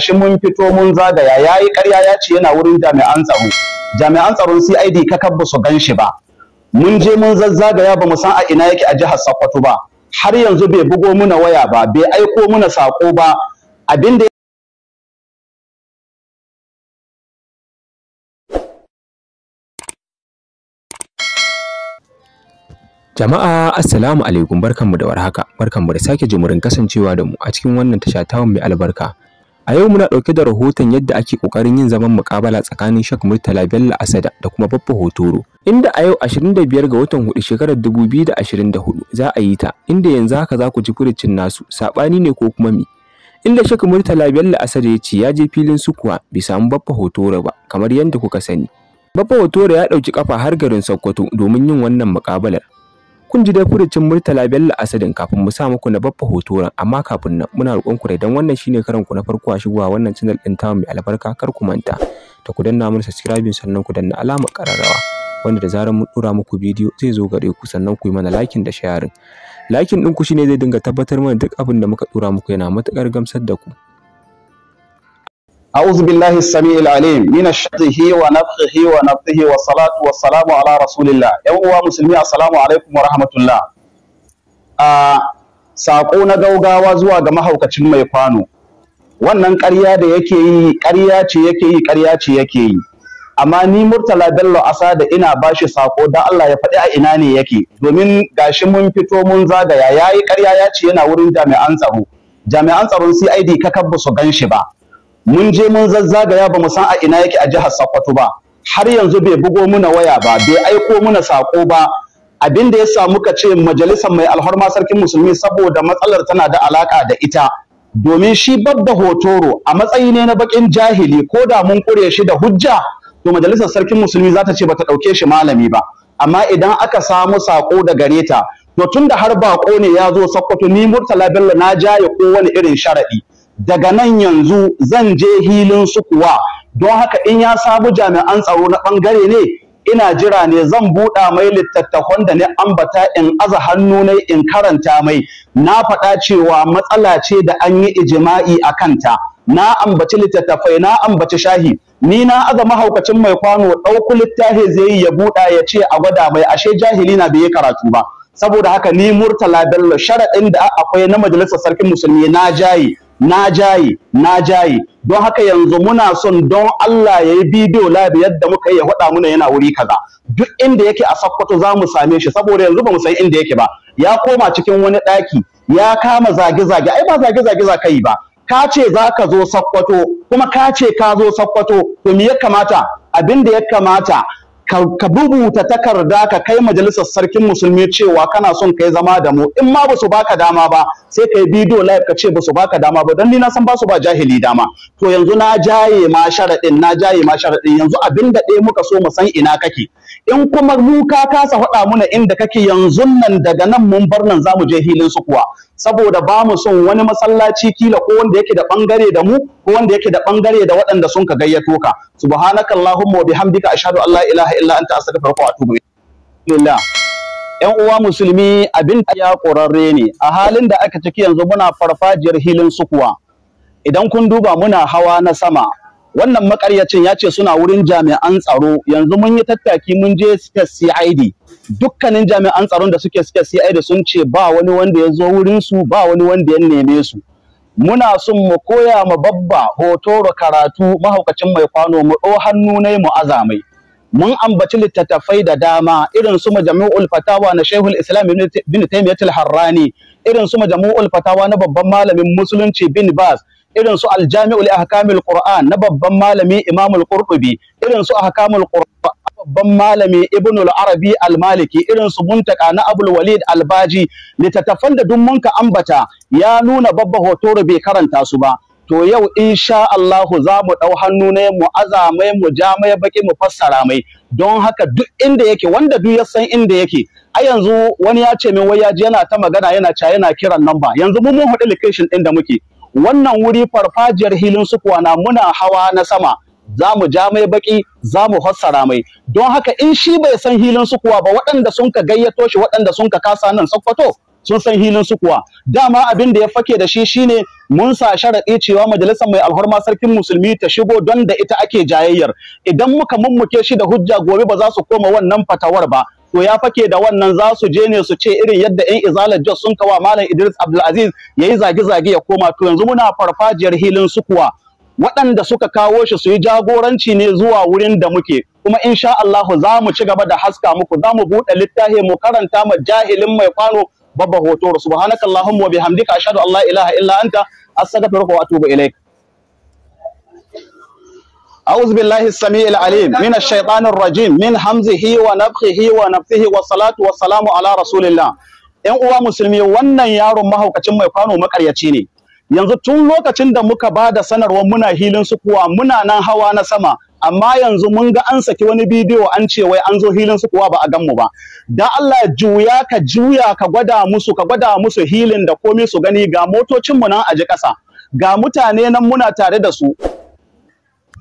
shi mun fito mun zagaya ya yi ƙarya ya ce yana wurin jami'an tsaro jami'an tsaron CID ka ba su gan shi ba mun je mun zazzagaya ba mu san a ina yake a jihar Sokoto ba har yanzu bai bugo muna waya ba bai aiko muna sako ba Abin da Jama'a assalamu alaikum barkanmu da warhaka barkanmu da sake jimurin kasancewa da mu a cikin wannan tasha mai albarka A yau muna ɗauke da rahoton yadda ake ƙoƙarin yin zaman muƙabala tsakanin Sheikh Murtala Bello Asada da kuma Baffa Hotoro. Inda a yau 25 ga watan 4 shekarar 2024 za a yi ta, inda yanzu haka za ku ji furucin nasu, saɓani ne ko kuma me. Inda Sheikh Murtala Bello Asada ya ce ya je filin sukuwa bai samu Baffa Hotoro ba, kamar yadda kuka sani. Baffa Hotoro ya ɗauki ƙafa har garin Sokoto domin yin wannan muƙabalar. kun ji dai furucin Murtala Bello Asadin kafin mu sa muku na babba hoto ran, amma kafin nan muna roƙon ku dan wannan shine karan ku na farko a shigowa wannan channel din tamu mai albarka kar ku manta ta ku danna mun subscribe sannan ku danna alamar kararrawa wanda da zarar mun dora muku bidiyo zai zo gare ku sannan ku yi mana lakin da sharing Lakin din ku shine zai dinga tabbatar mana duk abin da muka dora muku yana matukar gamsar da ku أعوذ بالله السميع العليم من الشطه ونفخه ونفثه والصلاة والسلام على رسول الله يوم مسلمي السلام عليكم ورحمة الله saƙo na gaugawa zuwa ga mahaukacin mai kwano wannan ƙarya da yake yi ƙarya ce yake yi ƙarya ce yake yi amma ni murtala bello asa da ina bashi sako da Allah ya faɗi a ina ne yake domin gashi mun fito mun zagaya yayi ƙarya ya ce yana wurin jami'an tsaro jami'an tsaron CID kakabba su gan shi ba mun je mun zazzagaya ba mu san a ina yake a jihar Sokoto ba har yanzu bai bugo muna waya ba bai aiko muna sako ba abin da ya sa muka ce majalisar mai alhorma sarkin musulmi saboda matsalar tana da alaka da ita domin shi babba hotoro a matsayi ne na bakin jahili ko da mun kure shi da hujja to majalisar sarkin musulmi za ta ce bata dauke shi malami ba amma idan aka samu sako da gareta, to to tunda har bako ne ya zo Sokoto, ni murtala bello na jaye ko wani irin sharadi daga nan yanzu zan je hilin su kuwa don haka in ya sabu jami'an tsaro na bangare ne ina jira ne zan buɗa mai littattafan da na ambata in aza hannu na in karanta mai na faɗa cewa matsala ce da an yi ijima'i a kanta na ambaci littattafai na ambaci shahi ni na aza mahaukacin mai kwano ɗauku littafi zai yi ya buɗa ya ce a gwada mai ashe jahili na bai karatu ba saboda haka ni murtala bello sharaɗin da akwai na majalisar sarkin musulmi na jayi na jaye na jaye don haka yanzu muna son don Allah ya yi bidiyo live yadda muka yi ya faɗa muna yana wuri kaza duk inda yake a Sokoto za mu same shi saboda yanzu ba mu san inda yake ba ya koma cikin wani ɗaki ya kama zage-zage ai ba zage-zage za ka yi ba ka ce za ka zo Sokoto kuma ka ce ka zo Sokoto to me ya kamata abin da ya kamata ka rubuta takarda ka kai majalisar sarkin musulmi cewa kana son kai zama da mu in ma ba su baka dama ba sai kai bidiyo live ka ce ba su baka dama ba don ni na san ba su ba jahili dama to yanzu na jaye ma sharaɗin na jaye ma sharaɗin yanzu abin da ɗaya muka so mu san ina kake in kuma mu ka kasa faɗa muna inda kake yanzu nan daga nan mun bar nan zamu je hilin su kuwa saboda ba mu son wani masallaci kila ko wanda yake da bangare da mu ko wanda yake da bangare da waɗanda sun ka gayyato ka subhanaka allahumma wa bihamdika ashhadu an la ilaha illa anta astaghfiruka wa atubu ilaik uwa musulmi abin ya ƙorarre ne a halin da aka ciki yanzu muna farfajiyar hilin sukuwa idan kun duba muna hawa na sama wannan makaryacin ya ce suna wurin jami'an tsaro yanzu mun yi tattaki mun je suka CID dukkanin jami'an tsaron da suke suka CID sun ce ba wani wanda ya zo wurin su ba wani wanda ya neme su muna son mu koya ma babba hoto da karatu mahaukacin mai kwano mu ɗo hannu ne mu azamai mun ambaci littattafai da dama irin su majami'ul fatawa na shehul islam ibn taymiyyah harrani irin su majami'ul fatawa na babban malamin musulunci bin bas irin su aljami'ul ahkamul qur'an na babban malami imamul qurtubi irin su ahkamul qur'an babban malami ibn arabi al irin su muntaka na abul walid al-baji littattafan da duk munka ambata ya nuna babba hotoro bai karanta su ba to yau insha Allahu za mu dau hannu ne mu azamai mu ja mai baki mu fassara mai don haka duk inda yake wanda duk ya san inda yake a yanzu wani ya ce min wai ya ji yana ta magana yana ca yana kiran number. yanzu mu mun hudu location din da muke wannan wuri farfajiyar hilin sukuwa na muna hawa na sama za mu ja mai baki za mu hasara mai don haka in shi bai san hilin sukuwa ba waɗanda sun ka gayyato shi waɗanda sun ka kasa nan sakwato sun san hilin kuwa. dama abin da ya fake da shi shine mun sa sharaɗi cewa majalisar mai alhorma sarkin musulmi ta shigo don da ita ake jayayyar idan muka mummuke shi da hujja gobe ba za su koma wannan fatawar ba to ya fake da wannan za su je ne su ce irin yadda yan izalar jos sun kawa malam idris abdulaziz ya yi zage-zage ya koma to yanzu muna farfajiyar hilin kuwa. waɗanda suka kawo shi su yi jagoranci ne zuwa wurin da muke kuma insha Allahu za mu ci gaba da haska muku za mu buɗe littafi mu karanta ma jahilin mai kwano babba hoto subhanakallahumma wa bihamdika ashhadu an la ilaha illa anta astaghfiruka wa atubu ilaik أعوذ بالله السميع العليم من الشيطان الرجيم من همزه ونفخه ونفثه والصلاة والسلام على رسول الله ‘Yan uwa musulmi wannan yaron mahaukacin mai kwano makaryaci ne, yanzu tun lokacin da muka ba da sanarwar muna hilin sukuwa muna nan hawa na sama, amma yanzu mun ga an saki wani bidiyo an ce wai an zo hilin sukuwa ba a gan mu ba. Da Allah juya ka juya ka gwada musu ka gwada musu hilin da komai su gani ga motocinmu nan a ji ƙasa, ga mutane nan muna tare da su,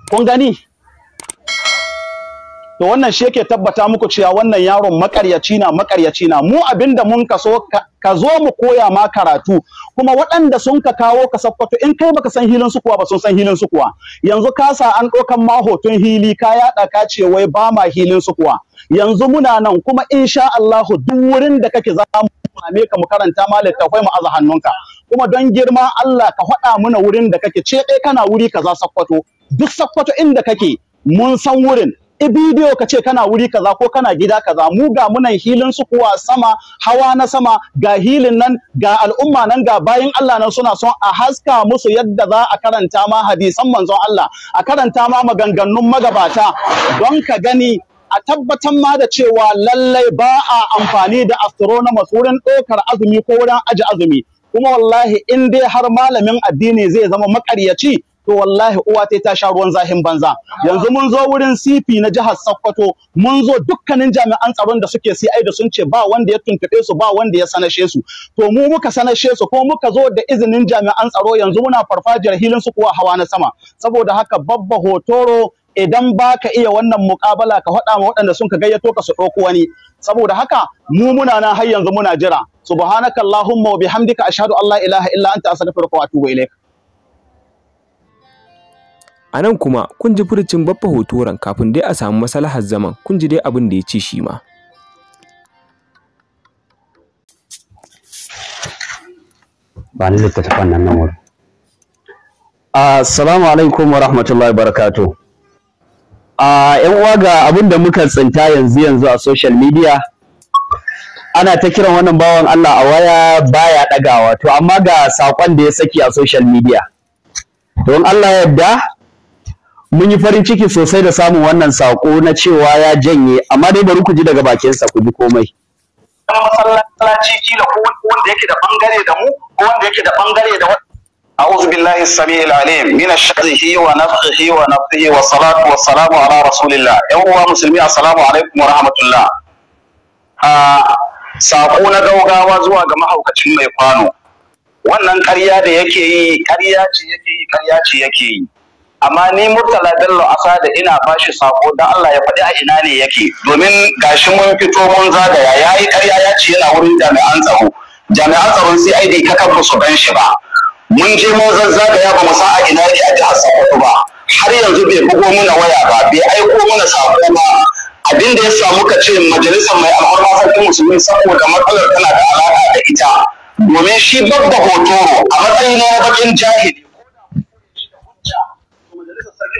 kun gani to wannan shi yake tabbata muku cewa wannan yaron makaryaci na makaryaci na mu abinda mun kaso ka zo mu koya ma karatu kuma waɗanda sun ka kawo ka sakkwato in kai baka san hilin su kuwa ba sun san hilin su kuwa yanzu ka sa an ɗaukan ma hoton hili ka yaɗa ka ce wai ba ma hilin su kuwa yanzu muna nan kuma insha Allahu duk wurin da kake za mu same ka mu karanta ma littafai mu aza hannunka kuma don girma Allah ka faɗa mana wurin da kake ce ɗaya kana wuri kaza sakkwato duk sakkwato inda kake mun san wurin bidiyo ka ce kana wuri kaza ko kana gida kaza mu ga munan hilin su kuwa sama hawa na sama ga hilin nan ga al'umma nan ga bayin Allah nan suna son a haska musu yadda za a karanta ma hadisan manzon Allah a karanta ma maganganun magabata don ka gani a tabbatar ma da cewa lallai ba a amfani da astronomers wurin ɗaukar azumi ko wurin aji azumi kuma wallahi in dai har malamin addini zai zama makaryaci to wallahi uwa ta ta sha ruwan zahin banza yanzu mun zo wurin CP na jihar Sokoto mun zo dukkanin jami'an tsaron da suke CI da sun ce ba wanda ya tuntube su ba wanda ya sanashe su to mu muka sanashe su ko muka zo da izinin jami'an tsaro yanzu muna farfajiyar hilin su kuwa hawa na sama saboda haka babba hotoro idan ba ka iya wannan muƙabala ka faɗa ma waɗanda sun ka gayyato ka su ɗauko wani saboda haka mu muna nan har yanzu muna jira subhanakallahumma wa bihamdika ashhadu an la ilaha illa anta astaghfiruka wa atubu ilaik A nan kuma kun ji furucin baffa hotoran kafin dai a samu masalahar zaman kun ji dai abin da ya ce shi ma. Ba ni littattafan nan nan wuri. Assalamu alaikum wa rahmatullahi barakatu. ‘Yan uwa ga abin da muka tsinta yanzu yanzu a social media ana ta kiran wannan bawan Allah a waya baya ɗagawa to amma ga saƙon da ya saki a social media. Don Allah yadda mun yi farin ciki sosai da samun wannan sako na cewa ya janye amma dai bari ku ji daga bakinsa ku ji komai kuma masallaci kila ko wanda yake da bangare da mu ko wanda yake da bangare da أعوذ بالله السميع العليم من الشره ونفخه ونفخه والصلاة والسلام على رسول الله يوم مسلمي السلام عليكم ورحمة الله saƙo na gaugawa zuwa ga mahaukacin mai kwano wannan karya da yake yi ƙarya ce yake ce yake yi amma ni murtala bello asa da ina bashi sako dan Allah ya faɗi a ina ne yake domin gashi mun fito mun zagaya yayi karya ya ce yana wurin jami'an tsaro jami'an tsaron sai ai dai kakan musu su ban shi ba mun je mun zazzagaya ba mu sa a ina ne a jihar Sokoto ba har yanzu bai bugo muna waya ba bai aiko muna sako ba abin da ya samu ka ce majalisar mai alhorma sarkin musulmi saboda matsalar tana da alaƙa da ita domin shi babba hoto, a matsayin na bakin jahili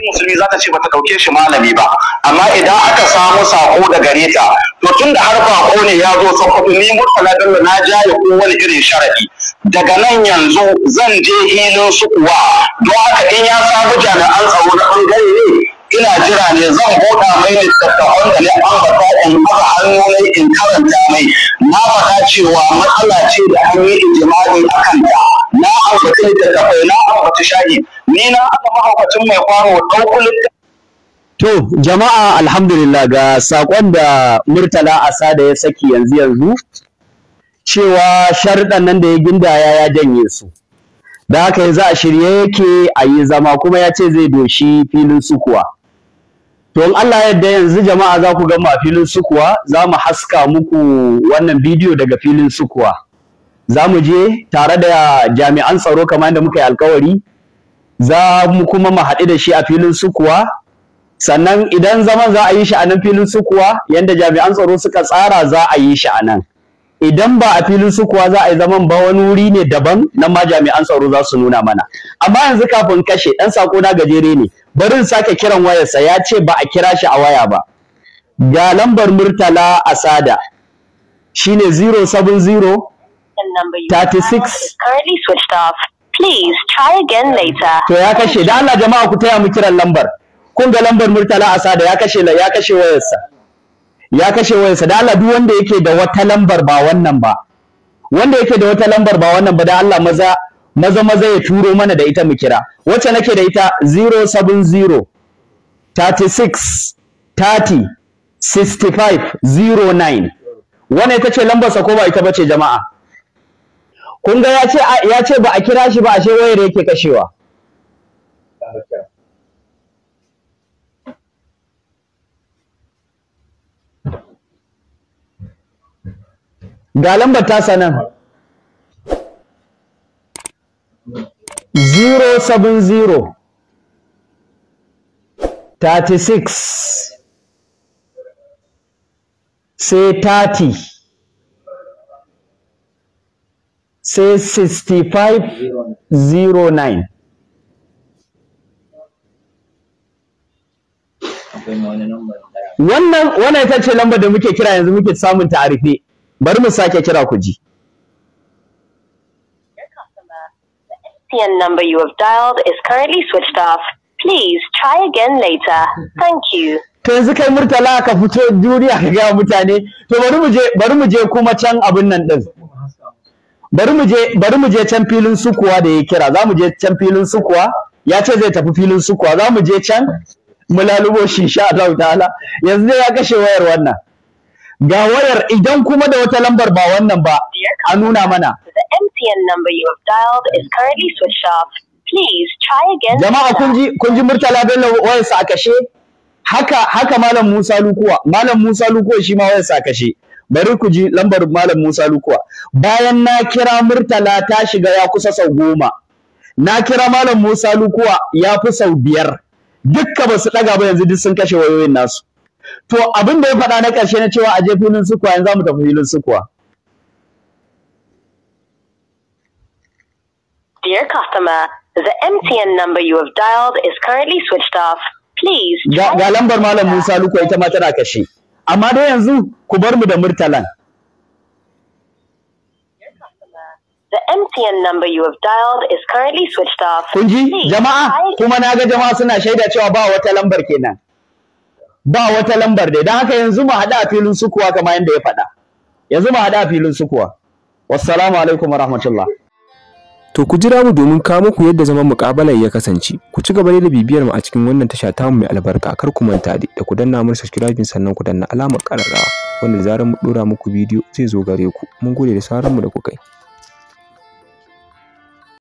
sarkin musulmi za ta ce bata ɗauke shi malami ba amma idan aka samu sako da gare ta to tun da har bako ne ya zo sokoto ni mutala dalla na jaye wani irin sharadi daga nan yanzu zan je hilin su kuwa don haka in ya samu jami'an tsaro na bangare ne ina jira ne zan buɗa mai littattafan da ne an bata in ba hannu in karanta mai na faɗa cewa matsala ce da an yi ijma'i a kanta na ambaci da kai na ambaci shahi ni na mahaukacin mai faro kullum. To jama'a alhamdulillah ga saƙon da Murtala sada ya saki yanzu yanzu cewa sharuɗan nan da ya ginda ya janye su. Da haka yanzu a shirye yake a yi zama kuma ya ce zai doshi filin sukuwa. To in Allah yadda yanzu jama'a za ku gama filin sukuwa za mu haska muku wannan bidiyo daga filin sukuwa. za mu je tare da jami'an tsaro kamar yadda muka yi alkawari za mu kuma mu haɗu da shi a filin sukuwa sannan idan zaman za a yi shi a nan filin sukuwa yadda jami'an tsaro suka tsara za a yi shi a nan idan ba a filin sukuwa za a yi zaman ba wani wuri ne daban nan ma jami'an tsaro za su nuna mana amma yanzu kafin kashe ɗan sako na gajere ne Barin sake kiran wayarsa ya ce ba a kira shi a waya ba ga lambar murtala asada shine 070 36 To ya kashe da Allah jama'a ku taya mu kiran lambar. Kun ga lambar Murtala da ya kashe ya kashe wayarsa. Ya kashe wayarsa da Allah duk wanda yake da wata lambar ba wannan ba. Wanda yake da wata lambar ba wannan ba da Allah maza maza maza ya turo mana da ita mu kira. Wacce nake da ita 070 36 30 65 09. Wannan ita ce lambarsa ko ba ita bace jama'a? kun ga ya ce ba a kira shi ba ashe wayar yake kashewa ga lambar tasa nan 070 36 sai 30 sai 6509 wannan wannan ita ce lambar da muke kira yanzu muke samun ta arife bari mu sake kira ku ji PN number you have dialed is currently switched off. Please try again later. Thank you. To yanzu kai murtala ka fito duniya ka ga mutane to bari mu je bari mu je kuma can abin nan din. bari mu je can filin sukuwa da ya kira za mu je can filin sukuwa ya ce zai tafi filin sukuwa za mu je can mu lalubo shi sha Allah ta'ala yanzu dai ya kashe wayar wannan ga wayar idan kuma da wata lambar ba wannan ba a nuna mana jama'a kun ji kun ji murtala bello wayar sa kashe haka haka malam Musa Lukuwa malam Musa Lukuwa shi ma wayar sa kashe bari ku ji lambar malam Musa Lukuwa bayan na kira Murtala ta shiga ya kusa sau goma na kira malam Musa Lukuwa ya fi sau biyar dukka ba su ɗaga ba yanzu duk sun kashe wayoyin nasu to abin da ya faɗa na ƙarshe na cewa a je filin sukuwa yanzu za mu tafi filin sukuwa Dear customer, the MTN number you have dialed is currently switched off. Please. Ga lambar Malam Musa Lukuwa ita ma tana kashe. amma dai yanzu ku bar mu da murtalan The MTN number you have is currently switched off. Kun ji jama'a kuma na ga jama'a suna shaida cewa ba wata lambar kenan. Ba wata lambar dai don haka yanzu mu haɗa a filin sukuwa kamar yadda ya faɗa. Yanzu mu haɗa a filin sukuwa. Wassalamu alaikum wa rahmatullah. To ku jira mu domin kawo muku yadda zaman muƙabalar ya kasance. Ku ci gaba da bibiyar mu a cikin wannan tasha mu mai albarka. Kar ku manta da ku danna mu subscribe sannan ku danna alamar ƙararrawa. Wanda zarar mu ɗora muku bidiyo zai zo gare ku. Mun gode da sauraron mu da ku kai